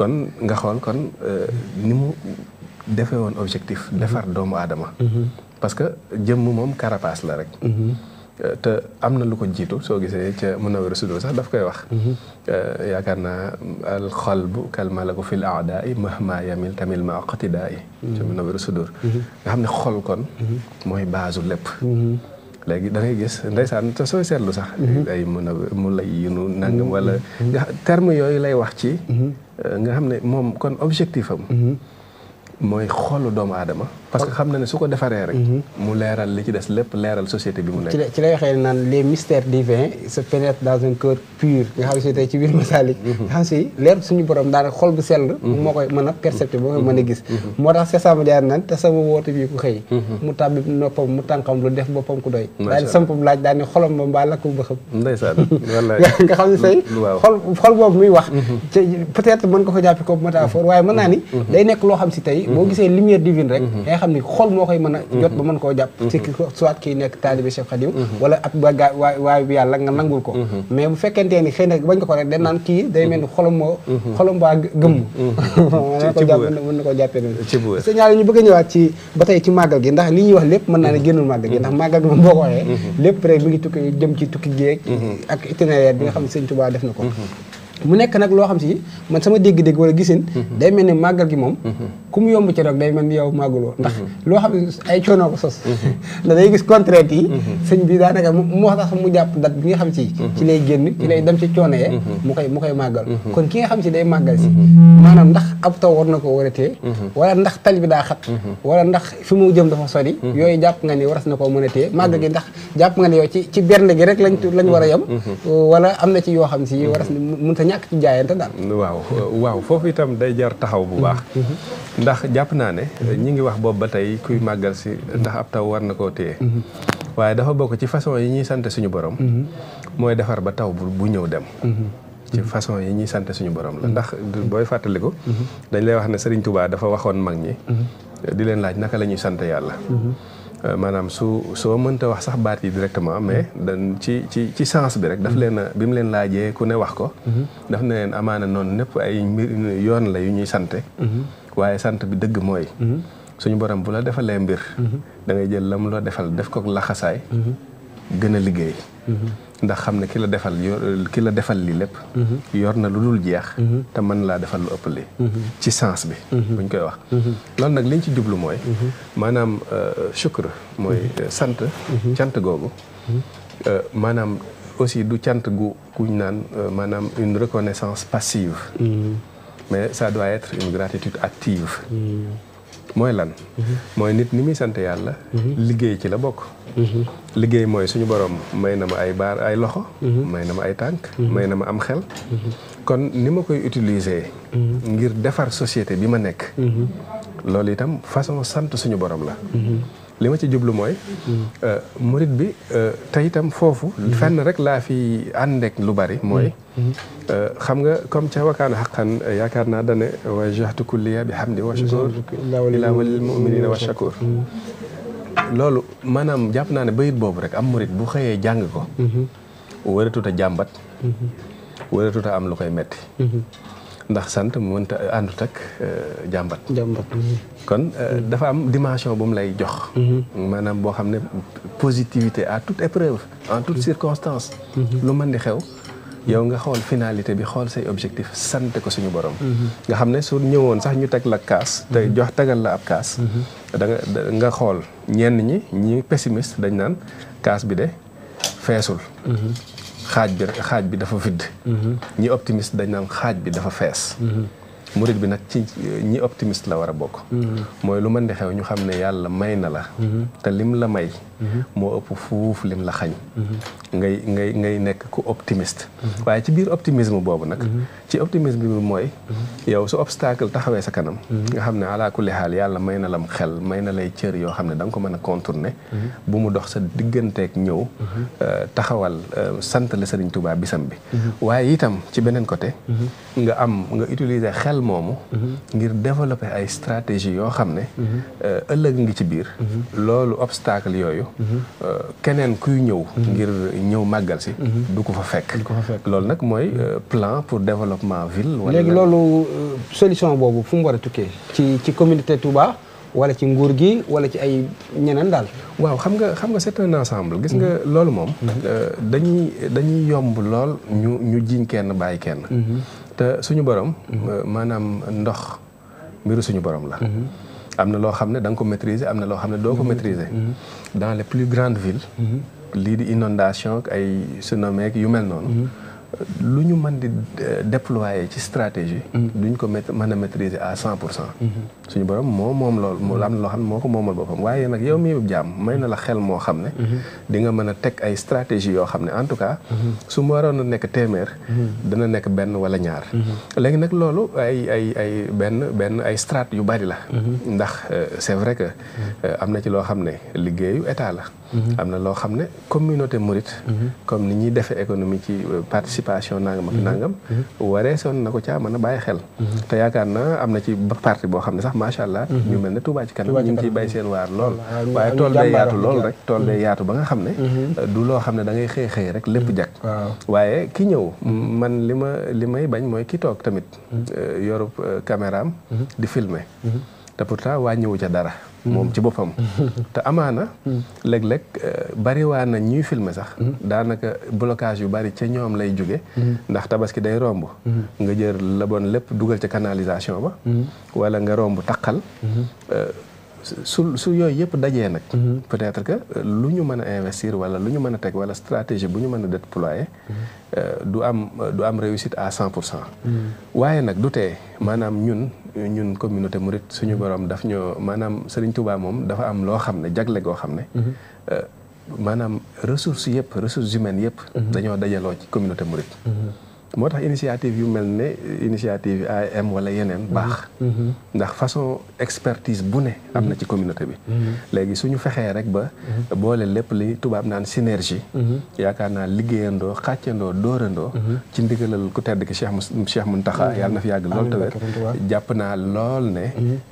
Speaker 2: kon nga xool kon euh, ni mu defee woon objectif mhm. defar doomu aadama mhm. parce que jëmm moom carapace la rek mhm. euh, te am na lu ko jiitu soo gisee ca Munawwirus Sudur sax daf koy wax euh, yaakaar na al qalbu kalma la ko fil aadaa'i mahma yamil tamil ma qatidaa'i ca Munawwirus Sudur nga xam ne xol kon mooy baasu lépp léegi da ngay gis ndeysaan te sooy seetlu sax ay mun a mu lay yinu nangam wala terme yooyu lay wax ci euh, nga xam ne moom kon objectif am mooy xolu doomu aadama. parce que xam na ne su ko defaree rek. Mhm. mu leeral li ci des lépp leeral société bi mu nekk. ci la
Speaker 1: ci lay waxee naan les mystères divins se pénètrent dans un cœur pur nga xam si tey mhm. xol mhm. moo koy mën a percepté ba koy moo tax Sesam jaar naan te sama woote bii ku xëy. mu tàbbi noppam lu def boppam ku doy. macha allah daal di sampam laaj daal di xolam
Speaker 2: nga xam ne say. xol
Speaker 1: xol boobu muy wax. peut être mën nga ko jàppee ko métaphore waaye mën naa ni. day nekk loo xam si tey boo gisee lumière divine rek mhm. nga xam ni xol moo koy mën a mhm. jot ba mën koo jàpp mhm. si soit kii nekk taalibe Cheikh Khadim wala ab ba gaa waay waay yàlla nga nangul ko mais bu fekkentee ni xëy nag ba ko ko rek dañ naan kii day mel ni xolam moo xolam baa gëmm mën ko jàpp mën na koo jàppee noonu signal ñu bëgg a ñëwaat ci ba tey ci màggal gi ndax li ñuy wax lépp mën naa ne génnul màggal gi ndax màggal gi moom boo ko waxee lépp rek mi ngi tukki jëm ci tukki géeg ak itinéraire bi nga xam ne Sëñ Tuubaa def na ko mu nekk nag loo xam si man sama dégg-dégg wala gisin mhm. day mel ni màggal gi moom mhm. ku yomb ci rek day mel ni yow màgguloo mhm. ndax loo xam ay coonoo ko sos ndax day gis contrainte yi sëñ bi daanaka mu wax sax mu jàpp dat bi nga xam si ci lay génn ci lay dem ci coono yee mu koy mu koy màggal kon ki nga xam si day màggal si maanaam ndax ab taw war na ko war a téye wala ndax tali bi daa xat wala ndax fi mu jëm dafa sori yooyu jàpp nga ni waras na koo mën a màggal gi ndax jàpp nga ni yow ci ci bernde gi rek lañ lañ war a yem wala am na ci yoo xam si waras ñàkk ci jaayante
Speaker 2: waaw waaw foofu itam day jar taxaw bu baax. Mm-hmm. Mm-hmm. ndax jàpp naa ne. ñi ngi wax boobu ba tey kuy màggal si ndax ab taw war na koo téye. Mm-hmm. waaye dafa bokk ci façon yi ñuy sant suñu borom. mooy defar ba taw bu ñëw dem. ci façon yi ñuy sant suñu borom la ndax booy fàttaliku. dañ lay wax ne sëriñ Touba dafa waxoon mag ñi. di leen laaj naka la ñuy sant yàlla. Euh, maanaam su soo mënta wax sax baat yi directement mais mhm. dañ ci ci ci sens bi rek daf mhm. leen bi mu leen laajee ku ne wax ko mhm. daf ne leen amaana noonu népp ay mbir yoon la yu ñuy sante waaye sant bi dëgg mooy suñu borom bu la defalee mbir da ngay jël lam la defal def kook laxasaay gën a liggéey ndax xam ne ki la defal yor ki la defal li lépp mhm. yor na lu dul jeex mhm. te man laa defal lu ëpp li mhm. ci sens bi buñ koy wax loolu nag liñ ci jublu mooy maanaam euh, shukr mooy euh, sant cant googu euh, maanaam aussi du cant gu kuñ naan maanaam une reconnaissance passive mais ça doit être une gratitude active mooy lan mooy nit ni muy sant yàlla liggéey ci la bokk liggéey mooy suñu borom may na ma ay baar ay loxo may na ma ay tànk may na ma am xel kon ni ma koy utiliser ngir defar société bi ma nekk loolu itam façon sant suñu borom la li ma ci jublu mooy. Mm. Euh, murit bi euh, te itam foofu. Mm-hmm. fenn rek laa fi ànd àndeek lu bari mooy. Mm-hmm. Euh, xam nga comme ca wakaana xaqan yaakaar naa dane wa jahtu kulliya bi hamdi wa shakur ila walil muminina wa shakur mm-hmm. loolu maanaam jàpp naa ne bayit boobu rek am murit bu xëyee jàng ko. waratut a jàmbat. waratut am lu koy metti ndax sant mu mënta euh, àndut ak euh, jàmbat. jàmbat kon euh, mm-hmm. dafa am dimension bu mu lay jox. Mm-hmm. maanaam boo xam ne positivité à tout épreuve en toute mm-hmm. circonstance. lu mën di xew. yow nga xool finalité bi xool say objectif sante ko suñu borom. nga xam ne su ñëwoon sax ñu teg la kaas. te jox tagal la ab kaas. da nga nga xool ñenn ñi ñi pessimiste dañ naan kaas bi de feesul. xaaj bi xaaj bi dafa vide. Mhm. ñi optimiste dañ naan xaaj bi dafa fees. Mhm. murit bi nag ci ñi optimiste la war a bokk mm-hmm. mooy lu man di xew ñu xam ne yàlla may na la mm-hmm. te lim la may mm-hmm. moo ëpp fuuf lim la xañ ngay ngay ngay nekk ku optimiste waaye ci biir optimisme boobu nag ci optimisme bi mooy yow su obstacle taxawee sa kanam nga xam ne ala kulli xaal yàlla may na lam xel may na lay cër yoo xam ne da nga ko mën a contourner bu mu dox sa digganteeg ñëw euh, taxawal euh, sant la Sëriñ tubaab bisam bi waaye itam ci beneen côté nga am nga utiliser xel moomu mhm. ngir développer ay stratégie yoo xam ne mhm. euh, ëllëg ngi ci biir mhm. loolu obstacle yooyu euh, keneen kuy ñëw ngir ñëw màggal si du ko fa fekk loolu nag mooy euh, plan pour développement ville léegi
Speaker 1: loolu solution boobu fu mu war a tukkee ci ci communauté Touba wala ci nguur gi wala ci ay ñeneen daal waaw xam nga
Speaker 2: xam nga set un ensemble gis nga loolu moom dañuy dañuy yomb lool ñu ñu kenn bàyyi kenn te suñu borom. Mhm. Euh, maanaam ndox mbiru suñu borom la. Mhm. am na loo xam ne da ko maîtriser am na loo xam ne doo ko mhm. maîtriser. dans les plus grandes villes. lii di inondation ak ay tsunami yu mel noonu. lu ñu mën di euh, déployer ci stratégie. Mm-hmm. duñ ko mën a maîtriser à cent pour cent. Mm-hmm. suñu borom moo moom lool moo mm-hmm. am loo xam ne moo ko moomal boppam waaye nag yow mii jaam may na la xel moo xam ne. di nga mën a teg ay stratégie yoo xam ne en tout cas. su ma waroon a nekk téeméer. dana nekk benn wala ñaar. léegi nag loolu ay ay ay benn benn ay strates yu bari la. ndax euh, c'est vrai que euh, am na ci loo xam ne liggéeyu état la. am na loo xam ne communauté mouride. comme ni ñuy defee participation nangam ak mhm. nangam. Mhm. waree soon na ko caa mën bàyyi xel. Mhm. te yaakaar na am na ci parti boo xam ne sax macha allah. ñu mel ne Touba ci kanam ñu ngi ciy bàyyi seen waar lool. waaye tool day yaatu lool rek tool day yaatu ba nga xam ne. du loo xam ne da ngay xëye rek lépp jag. waaye ki ñëw man li ma li may bañ mooy ki toog tamit. Euh, yorub euh, caméraam di filmer. te pourtant wàññiwu ca dara. moom ci boppam. te amaana. léeg euh, bari waa na ñuy filmer sax. daanaka blocage yu bari ca ñoom lay jóge ndax tabaski day romb. nga jël la lépp dugal ca canalisation ba. wala nga romb taqal. Mm-hmm. Euh, su su yooyu yëpp dajee nag. Mhm. peut-être que euh, lu ñu mën a investir wala lu ñu mën a teg wala stratégie bu ñu mën a déployer. Mhm. Euh, du am euh, du am réussite à cent pour cent. Mhm. waaye nag du tee maanaam ñun ñun communauté Mouride suñu borom daf ñu maanaam Serigne Touba moom dafa am loo xam ne jagle goo xam ne. maanaam ressources yëpp ressources humaines yëpp. dañoo dajaloo ci communauté Mouride. moo tax initiative yu mel ne initiative am wala yeneen baax mm-hmm. ndax façon expertise bu ne am na ci communauté bi mm-hmm. léegi suñu fexee rek ba mm-hmm. boole lépp li tubaab naan synergie yaakaar naa liggéeyandoo xàccandoo dóorandoo ci ndigalal ku tedd ki Cheikh Cheikh Mountakha yàlla na fi yàgg lool tamit jàpp naa lool ne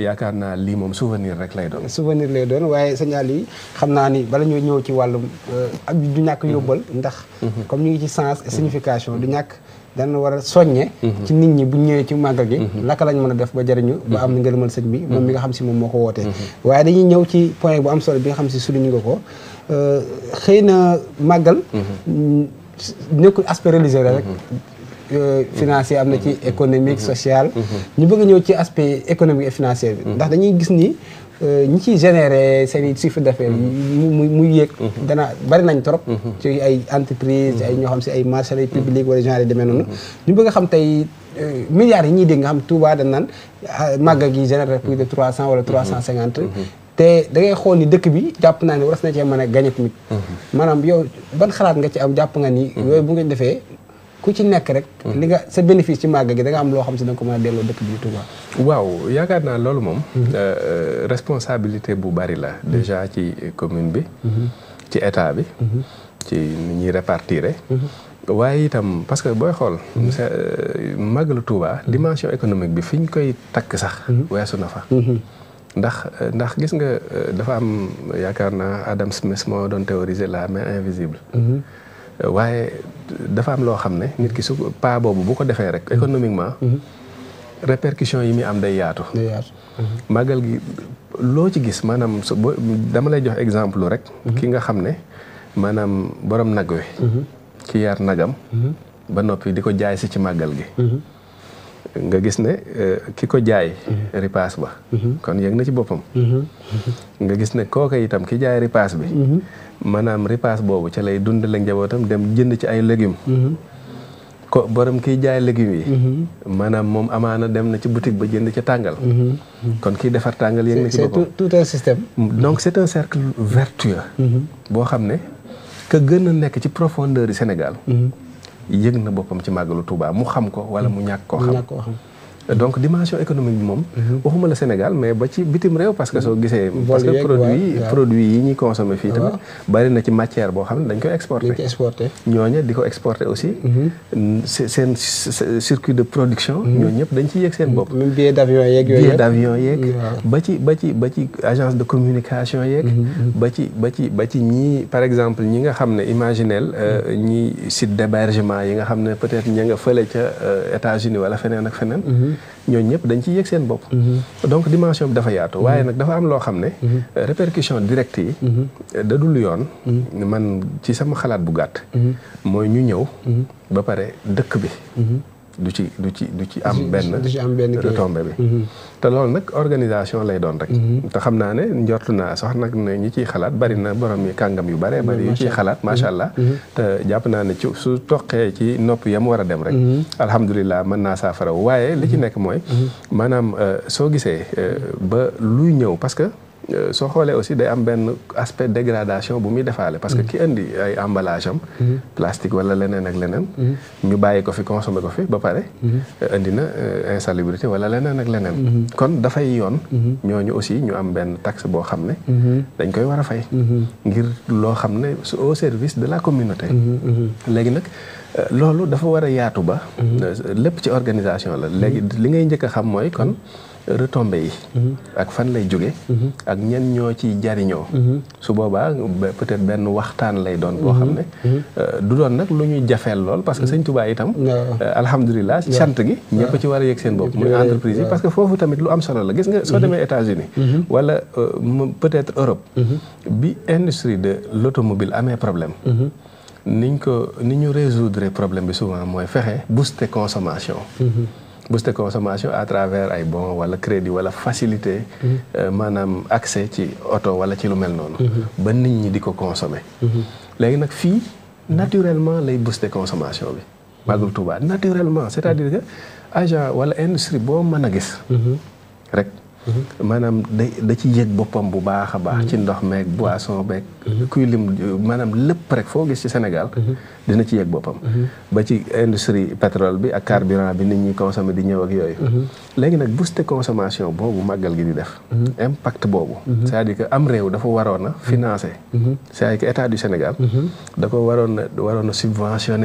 Speaker 1: yaakaar naa lii moom souvenir rek lay doon souvenir lay doon waaye signal yi xam naa ni bala ñoo ñëw ci wàllum euh, du ñàkk yóbbal ndax comme ñu ngi ci sens et signification du ñàkk dana war a soññe mhm. ci nit ñi bu ñëwee ci màggal gi laka mhm. lañ mën a def ba jariñu ba am mhm. ngërëmal sëñ bi moom mi nga xam si moom moo ko wootee waaye dañuy ñëw ci point bu am solo bi nga xam si souligné nga ko euh, xëy na màggal nekkul aspect religieux rek euh, financier am na ci économique sociale ñu bëgg ñëw ci aspect économique et financier bi ndax dañuy gis nii Euh, ñi ciy généré seen i chiffre d'affaires mu mu yéeg mhm. dana bari nañ trop mhm. ci ay entreprise ay ñoo xam si ay marché mhm. public wala genre demee noonu ñu bëgg a xam tey euh, milliards yi ñuy dégg nga xam Touba dañ naan ah, màggal gi généré de trois cent wala trois cent cinquante te da ngay xool ni dëkk bi jàpp naa ni war na cee man a gañe tamit maanaam yow ban xalaat nga ci am jàpp nga ni yooyu bu ngeen defee ku ci nekk rek. ni hmm. nga sa bénéfice ci màgg gi da nga am loo xam si da nga ko mën a delloo dëkk bi Touba.
Speaker 2: waaw yaakaar naa loolu moom. Hmm. Euh, euh, responsabilité bu bari la. Hmm. déjà ci commune bi. ci état bi. ci ni ñuy répartir. waaye itam parce que booy xool. Euh, màggalu Touba dimension économique bi fi ñu koy takk sax. weesu na fa. ndax ndax gis nga dafa am yaakaar naa Adam Smith moo doon théoriser la mais invisible. waaye dafa am loo xam ne nit ki su pas boobu bu ko defee rek économiquement mhm. répercussion yi muy am day yaatu mhm. màggal gi loo ci gis maanaam su dama lay jox exemple rek mhm. ki nga xam ne maanaam borom nag wi ki yar nagam ba noppi di ko jaay si ci màggal gi nga gis ne eh, ki ko jaay ripaas ba mhm. kon yëg na ci boppam mhm. nga gis ne kooka itam ki jaay ripaas bi mhm. maanaam ripaas boobu ca lay dundale njabootam dem jënd ci ay légumes ko borom kiy jaay légumes yi maanaam moom amaana dem na ci boutique ba jënd ca tàngal kon kiy defar tàngal yëg na ci boppam c'est donc c'est un cercle vertueux boo xam ne ka gën a nekk ci profondeur yi Sénégal yëg na boppam ci màgg lu Touba mu xam ko wala mu ñàkk ko xam donc dimension économique bi moom mhm. waxuma la Sénégal mais ba ci bitim réew parce que soo gisee parce que produit yi ñuy consommer fii tamit bari na ci matière boo xam ne dañ koy exporter ñooña di ko exporter aussi mhm. seen circuit de production mhm. ñooñu ñëpp dañ ci yéeg seen bopp billet d'avion yeeg billet d'avion yeeg ba ci ba ci ba ci agence de communication yeeg ba ci ba ci ba ci ñii par exemple ñi nga xam ne imaginel euh, ñi site d'hébergement yi nga xam ne peut-être ña nga fële ca euh, États-Unis wala feneen ak feneen ñooñu ñëpp dañ ci yëg seen bopp mm-hmm. donc dimension bi dafa yaatu waaye mm-hmm. nag dafa am loo xam ne mm-hmm. répercussion direct yi da yoon man ci sama xalaat bu gàtt mooy ñu ñëw ba pare dëkk bi du ci du ci du ci am benn retombée bi te loolu nag organisation lay doon rek mhm. te xam naa ne njort naa sax nag ne ñi ciy xalaat bari na borom yi kàngam yu bare bari yu mhm, ciy xalaat macha allah mhm. te jàpp naa ne ci su toqee ci nopp yam war a dem rek alhamdulilah mën naa saafara waaye li ci nekk mooy maanaam euh, soo gisee euh, ba luy ñëw parce que Euh, soo xoolee aussi day am benn aspect dégradation bu muy defaale parce que ki mm-hmm. indi ay emballage am mm-hmm. plastique wala leneen ak leneen mm-hmm. ñu bàyyi ko fi consommer ko fi ba pare euh, indi na euh, insalubrité wala leneen ak leneen kon dafay yoon ñooñu aussi ñu am benn tax boo xam ne dañ koy war a fay ngir loo xam ne au service de la communauté léegi nag loolu dafa war a yaatu ba. Mhm. lépp ci organisation la. léegi li ngay njëkk a xam mooy kon retombées yi. Mhm. ak fan lay jóge mhm. ak ñen ñoo ci jariñoo. su boobaa peut-être benn waxtaan lay doon. boo xam ne euh, du doon nag lu ñuy jafeel lool parce que sëñ Tuubaa itam. Euh, alhamdulillah sant gi. ñëpp ci war a yëg seen bopp muy entreprise yi parce que foofu tamit lu am solo la gis nga soo demee États-Unis wala euh, peut-être Europe. bi industrie de l'automobile amee problème. niñ ko ni ñu résoudre problème bi souvent mooy fexe booster consommation mhm. booster consommation à travers ay bon wala crédit wala facilité mhm. euh, maanaam accès ci oto wala ci lu mel noonu mhm. ba nit ñi di ko consommer léegi nag fii naturellement lay booster consommation bi Magal Touba naturellement c'est-à-dire que agent wala industrie boo mën a gis rek Mm-hmm. maanaam da da ci yëg boppam bu baax a baax. Mm-hmm. ci ndox meeg mm-hmm. boisson beeg. kuy lim maanaam lépp rek foo gis ci Sénégal. dina ci yëg boppam. ba ci industrie pétrole bi ak carburant bi nit ñi consommer di ñëw ak yooyu. léegi nag booster consommation boobu màggal gi di def. impact boobu. c'est-à-dire que am réew dafa waroon a financer. c'est-à-dire que état du Sénégal. da ko waroon a waroon a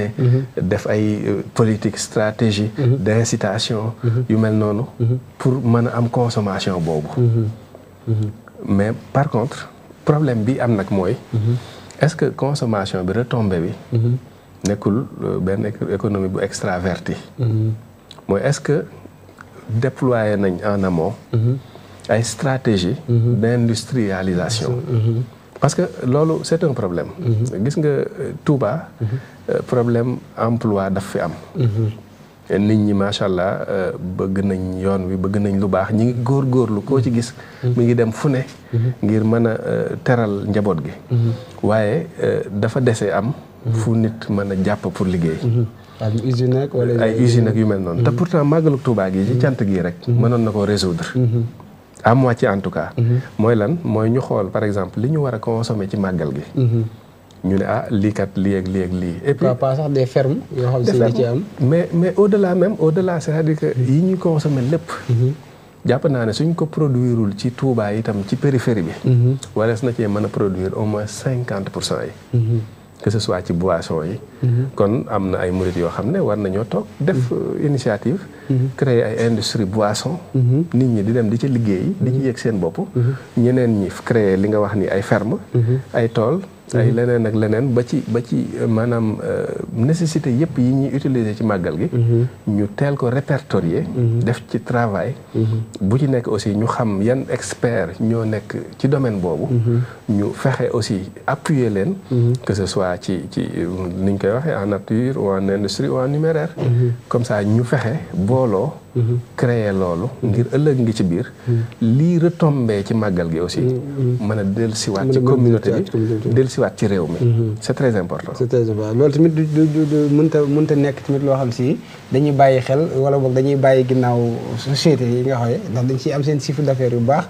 Speaker 2: def ay euh, politique stratégie d'incitation. yu mel noonu. pour mën a am consommation. situation boobu. mais par contre problème bi am nag mooy. est-ce que consommation bi retombée bi. nekkul euh, benn économie bu extravertie. mooy est-ce que déployer nañ en amont. ay stratégie d'industrialisation. parce que loolu c'est un problème. gis nga euh, Touba. Euh, problème emploi daf fi am. nit ñi macha allah euh, bëgg nañ yoon wi bëgg nañ lu baax ñi ngi lu koo ci gis. Mhm. mi ngi dem fu ne. Mhm. ngir mën a euh, teral njaboot gi. Mhm. waaye euh, dafa dese am. fu nit mën a jàpp pour liggéey. ay usine ak wala ay usine ak yu mel noonu. te pour pourtant màggalu Tuubaa gi ci cant gii rek. mënoon na koo résoudre. à moitié en tout cas. mooy lan mooy ñu xool par exemple li ñu war a consommer ci màggal gi. ñu ne ah lii kat lii ak lii ak lii.
Speaker 1: et puis pas sax des fermes. yoo xam si ci am mais
Speaker 2: mais au delà même au delà c' est à dire que yi ñuy consommer lépp. Mhm. jàpp naa ne suñ ko produireul ci Touba itam ci périphérie bi. Mhm. warees na cee mën a produire au moins cinquante pour cent yi. Mhm. kon am na ay murit yoo xam ne war nañoo toog def euh, initiative. créer ay industrie boisson. nit ñi di dem di ca liggéey. di ci yëg seen bopp. ñeneen ñi créer li nga wax ni ay ferme ay tool. ay leneen ak leneen ba ci ba ci euh, maanaam euh, nécessité yëpp yi ñuy utiliser ci màggal gi mhm. ñu teel ko répertorier mhm. def ci travail mhm. bu ci nekk aussi ñu xam yan expert ñoo nekk ci domaine boobu ñu fexe aussi appuyer leen que ce soit ci ci euh, niñ koy waxee en nature ou en industrie ou en numéraire comme ça ñu fexe booloo créer loolu mm-hmm. ngir ëllëg ngi ci biir
Speaker 4: mm-hmm.
Speaker 2: lii retombé ci màggal gi aussi mm-hmm. mën a dellusiwaat ci communauté bi siwaat ci réew mi
Speaker 1: c'est très important c'est très important loolu tamit du mënta mënta nekk tamit loo xam si dañuy bàyyi xel wala boog dañuy bàyyi ginnaaw société yi nga xooye ndax dañ ciy am seen chiffre d'affaires yu baax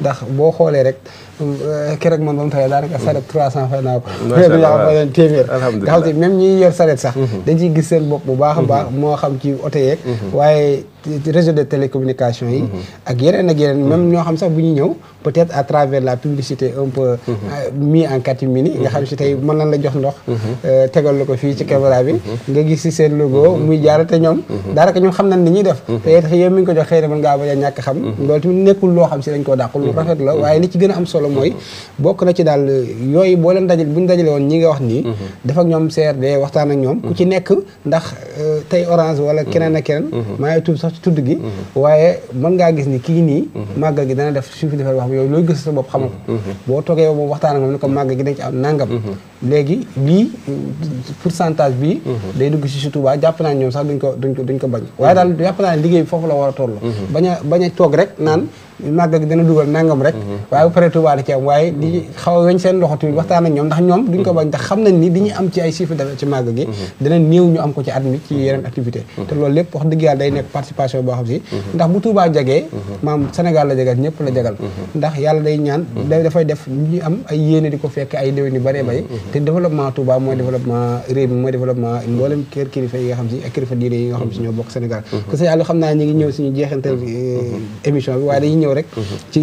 Speaker 1: ndax boo xoolee rek euh, keroog man ba mu tawee daanaka saret trois cent fay naa ko yaa fa leen sax dañ ciy gis seen bopp bu baax baax moo xam ci oto yeeg waaye réseau de télécommunication yi mm-hmm. ak yeneen ak yeneen même mm-hmm. ñoo xam sax bu ñu ñëw peut-être à travers la publicité un peu mm-hmm. euh, mis en catimini nga xam si tey mën nañ la jox ndox euh, tegal la ko fii ci caméra bi nga gis si seen logo muy jaarate ñoom daanaka ñoom xam nañ li ñuy def te mi ngi ko jox xëy na mën ngaa bañ a ñàkk xam loolu tamit nekkul loo xam si dañ koo ko lu rafet la waaye li ci gën a am solo mooy bokk na ci daal yooyu boo leen dajal bu ñu dajale woon ñi nga wax nii dafa ak ñoom CRD waxtaan ak ñoom ku ci nekk ndax euh, tey orange wala keneen ak sax ci tudd gi waaye mën ngaa gis ni kii nii màggal gi dana def suuf defar wax yow looy gis sa bopp toogee yow moom waxtaan ko màggal gi dañ ci am nangam léegi lii pourcentage bi day dugg si surtout waa jàpp naa ñoom sax duñ ko duñ ko duñ ko bañ waaye daal jàpp liggéey foofu la war a toll bañ a bañ a toog rek naan gi dana dugal nangam rek waaye bu waaye xaw a weñ seen loxo tamit waxtaan ak ñoom ndax ñoom duñ ko bañ ndax xam nañ ni di ñuy am ci ay chiffre d'affaires ci màggal gi dana néew ñu am ko at mi ci yeneen activité te loolu wax dëgg day nekk participation préoccupation boo xam si mhm. ndax bu Touba jagee mhm. maam Sénégal la jagal ñëpp la jagal mhm. ndax yàlla day ñaan da dafay def ñu am ay yéene di ko fekk ay déwén yu bëree bëri te développement Touba mooy développement réew mi mooy développement mboolem kër kilifa yi nga xam si ak kilifa diine yi nga xam si ñoo bokk Sénégal que sa yàlla xam naa ñi ngi ñëw suñu jeexantal euh, émission bi waaye dañuy ñëw rek ci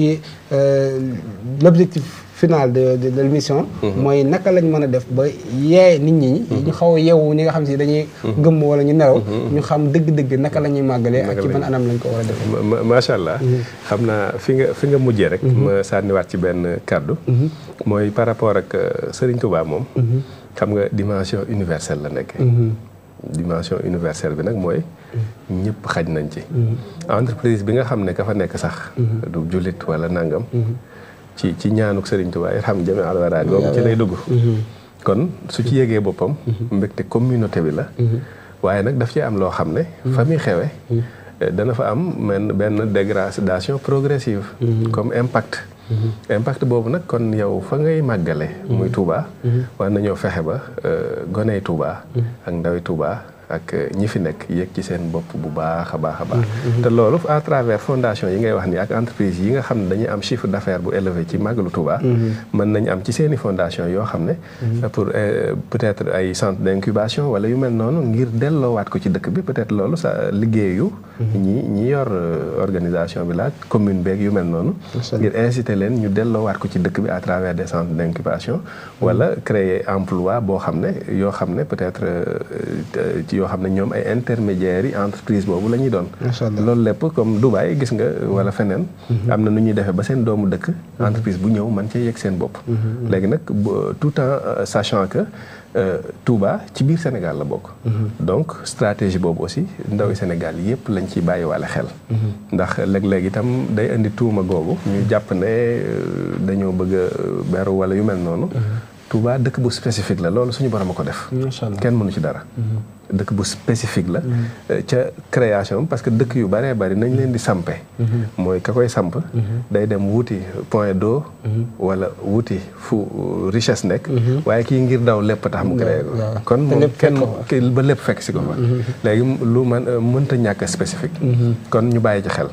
Speaker 1: euh, l'objectif final de de de mhm. mooy naka lañ mën a def ba yee nit ñi. Mhm. ñu xaw a yeewu ñi nga xam si dañuy. Mhm. gëmm wala ñu nelaw. ñu xam dëgg-dëgg naka la ñuy màggalee. ak ci ban anam lañ ko war a
Speaker 2: defee. macha allah. xam naa fi nga fi nga mujjee rek. ma sànniwaat ci benn kàddu. mooy par rapport ak euh, Serigne Touba moom. xam nga dimension universelle la nekk. dimension universelle bi nag mooy. ñëpp xaj nañ ci. entreprise bi nga xam ne ka fa nekk sax. du jullit wala nangam. ci ci ñaanuk Serigne Touba irham jami al wara googu ci lay dugg mhm. kon su ci yegee boppam mhm. mbégte communauté bi la mhm. waaye nag daf ci am loo xam ne fa muy xewe eh, dana fa am men benn dégradation progressive comme impact impact boobu nag kon yow fa ngay màggale muy Touba war nañoo fexe ba eh, goney Touba ak ndawi tuubaa ak eh, ñi fi nekk yëg ci seen bopp bu baax a baax a baax. Mm-hmm, mm-hmm. te loolu à travers fondation yi ngay wax ni ak entreprise yi nga xam ne dañuy am chiffre d'affaires bu élevé ci màggalu Touba. Mm-hmm. mën nañ am ci seen i fondation yoo xam ne. pour eh, peut-être ay centre d'incubation wala yu mel noonu ngir delloowaat ko ci dëkk bi être loolu sa liggéeyu. ñi ñi yor eh, organisation bi la commune beeg yu mel noonu. ngir inciter leen ñu delloowaat ko ci dëkk bi à travers des centres d'incubation. wala créer emploi boo xam ne yoo xam ne peut-être ci. yoo xam ne ñoom ay intermédiaires yi entreprise boobu la ñuy doon loolu lépp comme Dubaï gis nga wala feneen mhm. am na nu ñuy defee ba seen doomu dëkk mhm. entreprise bu ñëw man ci yegg seen bopp mhm, léegi nag tout en euh, sachant que euh, Touba ci biir Sénégal la bokk donc stratégie boobu aussi ndawi Sénégal yëpp lañ ciy bàyyiwaale xel ndax léeg-léeg itam day indi tuuma googu ñu jàpp ne euh, dañoo bëgg a beru wala yu mel noonu Touba dëkk bu spécifique la loolu suñu borom a ko def kenn mënu ci dara dëkk bu spécifique la. Mm-hmm. Euh, ca création parce que dëkk yu bëree bari nañ leen di sampe. Mm-hmm. mooy ka koy samp. Mm-hmm. day dem wuti point d'eau. wala wuti fu richesse nekk. waaye kii ngir daw lépp tax mu créé ko. kon moom kenn ba lépp fekk si ko fa. léegi lu man euh, mënta ñàkk spécifique. kon ñu bàyyi ci xel.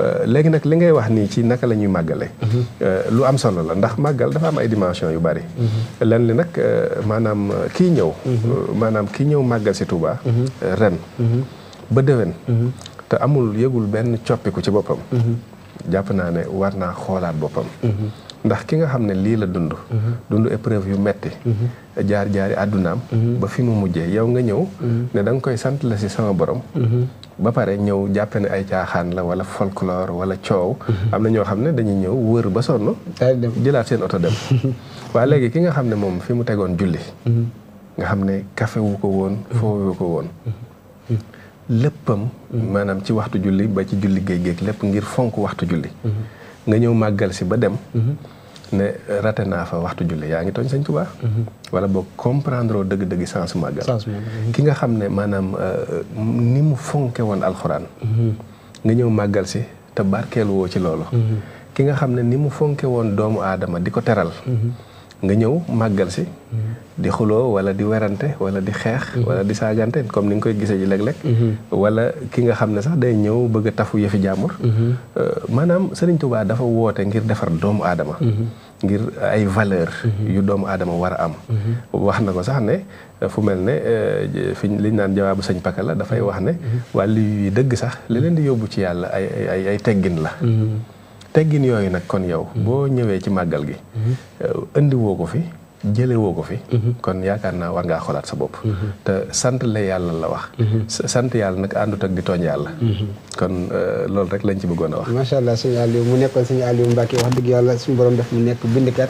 Speaker 2: Euh, léegi nag li ngay wax nii ci naka lañuy ñuy màggale. lu am solo la ndax màggal dafa am ay dimension yu bëri. lenn li nag maanaam kii ñëw. maanaam kii ñëw màggal si Touba. Mhm. ren. Mhm. ba déwén. Mhm. te amul yëgul benn coppiku ci boppam. jàpp naa ne war naa xoolaat boppam. ndax ki nga xam ne lii la dund. dundu épreuve yu metti jaar jaari àddunaam. ba fi mu mujjee yow nga ñëw. ne da nga koy sant la si sama borom. ba pare ñëw jàppe ne ay caaxaan la wala folklore wala coow. am na ñoo xam ne dañuy ñëw wër ba sonn. jëlaat seen oto dem. waa léegi ki nga xam ne moom fi mu tegoon julli. nga xam ne kafewu ko woon mhm. foowu ko woon mhm. Mhm. léppam maanaam ci waxtu julli ba ci julli géej géej lépp ngir fonk waxtu julli nga ñëw màggal si ba dem ne rate naa fa waxtu julli yaa ngi tooñ Sëñ Tuubaa wala boo comprendre dëgg-dëgg sens màggal ki nga xam ne maanaam euh, ni mu fonke woon alxuraan nga ñëw màggal si te barkeel ci loolu ki nga xam ne ni mu fonke woon doomu aadama di ko teral nga ñëw màggal si di xuloo wala di werante wala di xeex mhm. wala di saajante comme ni nga koy gisee ji léeg-léeg mhm. wala ki nga xam ne sax day ñëw bëgg tafu yëfi jàmbur mhm. euh, maanaam Serigne Touba dafa woote ngir defar doomu aadama ngir ay valeur yu doomu aadama war a am wax na ko sax ne euh, fu mel ne euh, fi liñ naan jawaabu sëñ la dafay wax ne wàllu yi dëgg sax li leen di yóbbu ci yàlla ay ay ay teggin la teggin yooyu nag kon yow boo ñëwee ci màggal gi indi ko fi jële woo ko fi mhm. kon yaakaar naa war ngaa xoolaat sa bopp mhm. sant la yàlla la wax mhm. sant yàlla nag àndut ak di tooñ yàlla kon euh, loolu rek lañ ci bëggoon wax
Speaker 1: macha allah suñu Aliou mu nekkoon suñu Aliou Mbacke wax dëgg yàlla suñu borom def mu nekk bindkat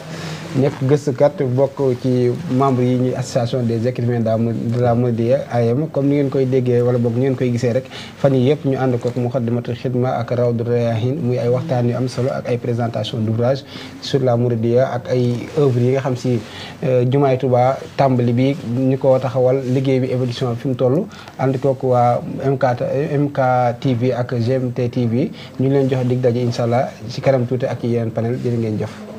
Speaker 1: nekk gëstukat bokk ci membre yi ñu association des écrivains de la Mouridiyya AM comme ni ngeen koy déggee wala boog ni ngeen koy gisee rek fan yi yëpp ñu ànd ko Moukhaddamatoul Khidma ak Rawdu Rayaahin waxtaan yu am solo ak ay présentation d'ouvrage sur la Mouridiyya ak ay yi nga xam si Euh, jumaay Touba tàmbali bi ñu ko taxawal liggéey bi évolution bi fi mu toll ànd kooku waa MK MK TV ak GMT TV ñu ngi leen jox dig daje incha allah ci kanam tuuti ak yeneen panel jërë ngeen jëf.